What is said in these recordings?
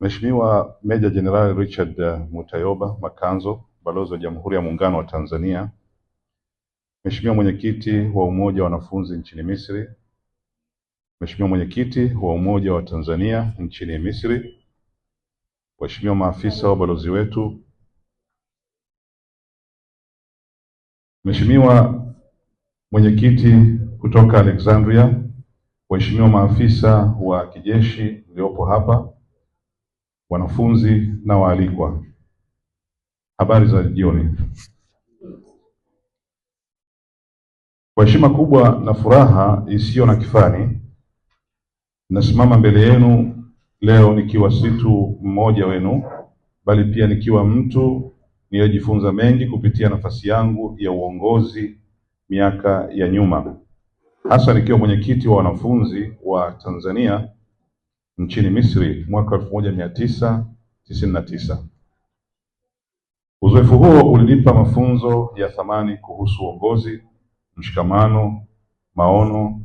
Mheshimiwa Meja Jenerali Richard eh, Mutayoba Makanzo, Balozi wa Jamhuri ya Muungano wa Tanzania, Mheshimiwa Mwenyekiti wa Umoja wa Wanafunzi nchini Misri, Mheshimiwa Mwenyekiti wa Umoja wa Tanzania nchini Misri, Waheshimiwa maafisa wa balozi wetu, Mheshimiwa Mwenyekiti kutoka Alexandria waheshimiwa maafisa wa kijeshi mliopo hapa, wanafunzi na waalikwa, habari za jioni. Kwa heshima kubwa na furaha isiyo na kifani, nasimama mbele yenu leo nikiwa si tu mmoja wenu, bali pia nikiwa mtu niyejifunza mengi kupitia nafasi yangu ya uongozi miaka ya nyuma hasa nikiwa mwenyekiti wa wanafunzi wa Tanzania nchini Misri mwaka 1999. Uzoefu huo ulinipa mafunzo ya thamani kuhusu uongozi, mshikamano, maono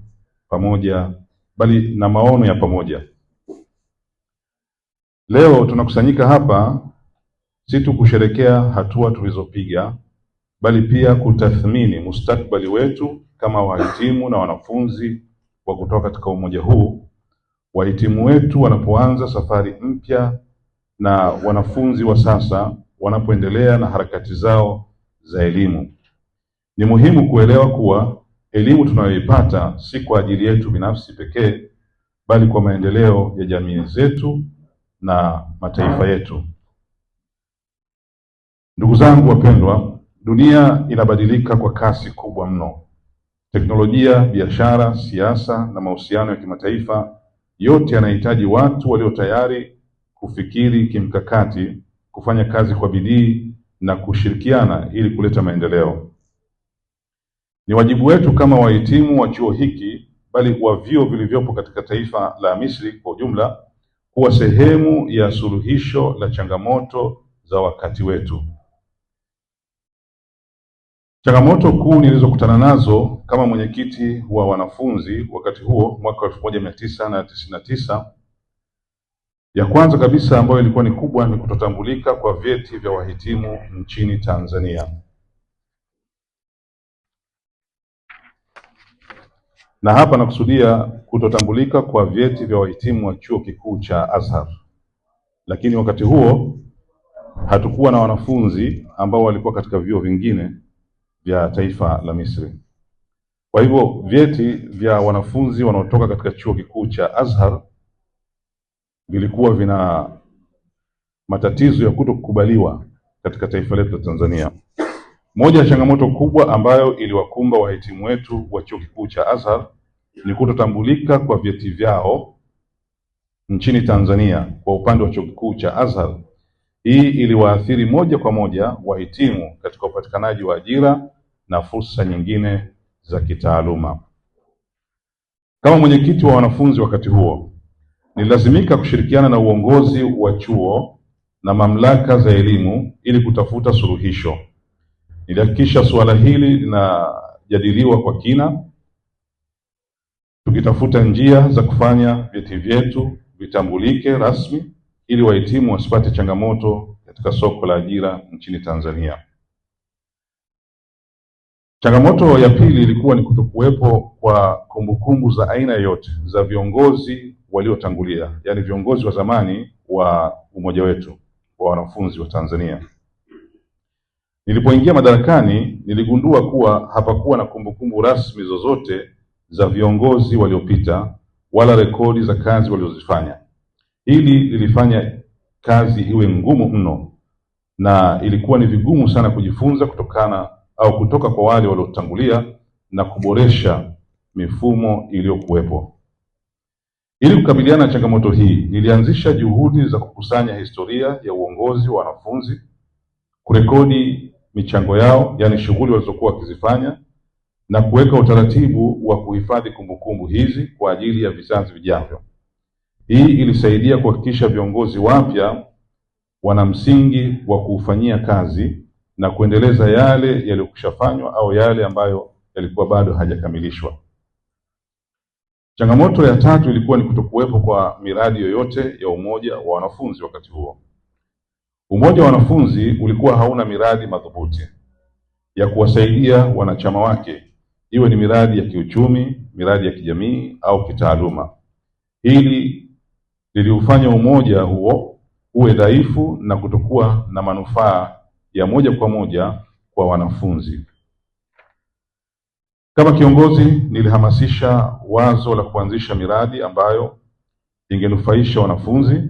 pamoja bali na maono ya pamoja. Leo tunakusanyika hapa si tu kusherekea hatua tulizopiga, bali pia kutathmini mustakbali wetu kama wahitimu na wanafunzi wa kutoka katika umoja huu, wahitimu wetu wanapoanza safari mpya na wanafunzi wa sasa wanapoendelea na harakati zao za elimu. Ni muhimu kuelewa kuwa elimu tunayoipata si kwa ajili yetu binafsi pekee, bali kwa maendeleo ya jamii zetu na mataifa yetu. Ndugu zangu wapendwa, dunia inabadilika kwa kasi kubwa mno. Teknolojia, biashara, siasa na mahusiano ya kimataifa, yote yanahitaji watu walio tayari kufikiri kimkakati, kufanya kazi kwa bidii na kushirikiana ili kuleta maendeleo. Ni wajibu wetu kama wahitimu wa chuo hiki, bali wa vyuo vilivyopo katika taifa la Misri kwa ujumla, kuwa sehemu ya suluhisho la changamoto za wakati wetu. Changamoto kuu nilizokutana nazo kama mwenyekiti wa wanafunzi wakati huo mwaka elfu moja mia tisa na tisini na tisa ya kwanza kabisa ambayo ilikuwa ni kubwa ni kutotambulika kwa vyeti vya wahitimu nchini Tanzania, na hapa nakusudia kutotambulika kwa vyeti vya wahitimu wa chuo kikuu cha Azhar. Lakini wakati huo hatukuwa na wanafunzi ambao walikuwa katika vyuo vingine vya taifa la Misri. Kwa hivyo vyeti vya wanafunzi wanaotoka katika chuo kikuu cha Azhar vilikuwa vina matatizo ya kutokubaliwa katika taifa letu la Tanzania. Moja ya changamoto kubwa ambayo iliwakumba wahitimu wetu wa chuo kikuu cha Azhar ni kutotambulika kwa vyeti vyao nchini Tanzania kwa upande wa chuo kikuu cha Azhar hii iliwaathiri moja kwa moja wahitimu katika upatikanaji wa ajira na fursa nyingine za kitaaluma. Kama mwenyekiti wa wanafunzi wakati huo, nililazimika kushirikiana na uongozi wa chuo na mamlaka za elimu ili kutafuta suluhisho. Nilihakikisha suala hili linajadiliwa kwa kina, tukitafuta njia za kufanya vyeti vyetu vitambulike rasmi ili wahitimu wasipate changamoto katika soko la ajira nchini Tanzania. Changamoto ya pili ilikuwa ni kutokuwepo kwa kumbukumbu za aina yoyote za viongozi waliotangulia, yaani viongozi wa zamani wa umoja wetu wa wanafunzi wa Tanzania. Nilipoingia madarakani, niligundua kuwa hapakuwa na kumbukumbu rasmi zozote za viongozi waliopita wala rekodi za kazi walizozifanya. Hili lilifanya kazi iwe ngumu mno na ilikuwa ni vigumu sana kujifunza kutokana au kutoka kwa wale waliotangulia na kuboresha mifumo iliyokuwepo. Ili kukabiliana na changamoto hii, nilianzisha juhudi za kukusanya historia ya uongozi wa wanafunzi, kurekodi michango yao, yaani shughuli walizokuwa wakizifanya, na kuweka utaratibu wa kuhifadhi kumbukumbu hizi kwa ajili ya vizazi vijavyo. Hii ilisaidia kuhakikisha viongozi wapya wana msingi wa kuufanyia kazi na kuendeleza yale yaliyokushafanywa au yale ambayo yalikuwa bado hajakamilishwa. Changamoto ya tatu ilikuwa ni kutokuwepo kwa miradi yoyote ya umoja wa wanafunzi wakati huo. Umoja wa wanafunzi ulikuwa hauna miradi madhubuti ya kuwasaidia wanachama wake, iwe ni miradi ya kiuchumi, miradi ya kijamii au kitaaluma. Hili liliufanya umoja huo uwe dhaifu na kutokuwa na manufaa ya moja kwa moja kwa wanafunzi. Kama kiongozi, nilihamasisha wazo la kuanzisha miradi ambayo ingenufaisha wanafunzi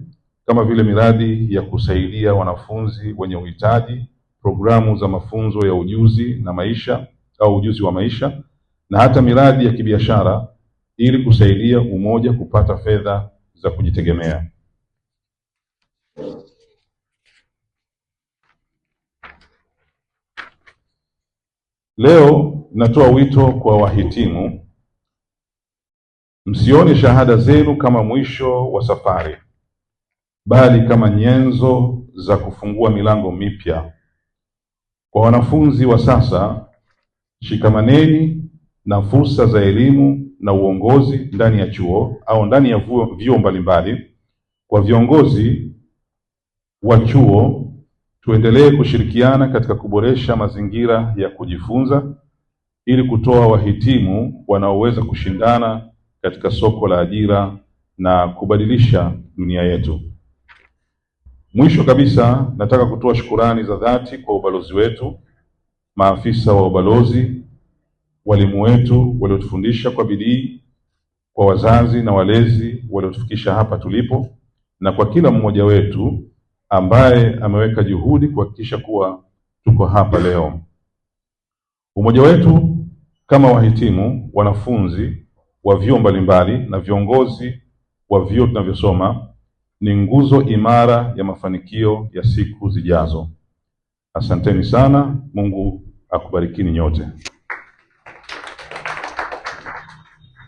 kama vile miradi ya kusaidia wanafunzi wenye uhitaji, programu za mafunzo ya ujuzi na maisha au ujuzi wa maisha, na hata miradi ya kibiashara ili kusaidia umoja kupata fedha za kujitegemea. Leo natoa wito kwa wahitimu, msione shahada zenu kama mwisho wa safari, bali kama nyenzo za kufungua milango mipya. Kwa wanafunzi wa sasa, shikamaneni na fursa za elimu na uongozi ndani ya chuo au ndani ya vyuo mbalimbali. Kwa viongozi wa chuo, tuendelee kushirikiana katika kuboresha mazingira ya kujifunza ili kutoa wahitimu wanaoweza kushindana katika soko la ajira na kubadilisha dunia yetu. Mwisho kabisa, nataka kutoa shukurani za dhati kwa ubalozi wetu, maafisa wa ubalozi walimu wetu waliotufundisha kwa bidii, kwa wazazi na walezi waliotufikisha hapa tulipo, na kwa kila mmoja wetu ambaye ameweka juhudi kuhakikisha kuwa tuko hapa leo. Umoja wetu kama wahitimu, wanafunzi wa vyuo mbalimbali na viongozi wa vyuo tunavyosoma ni nguzo imara ya mafanikio ya siku zijazo. Asanteni sana, Mungu akubarikini nyote.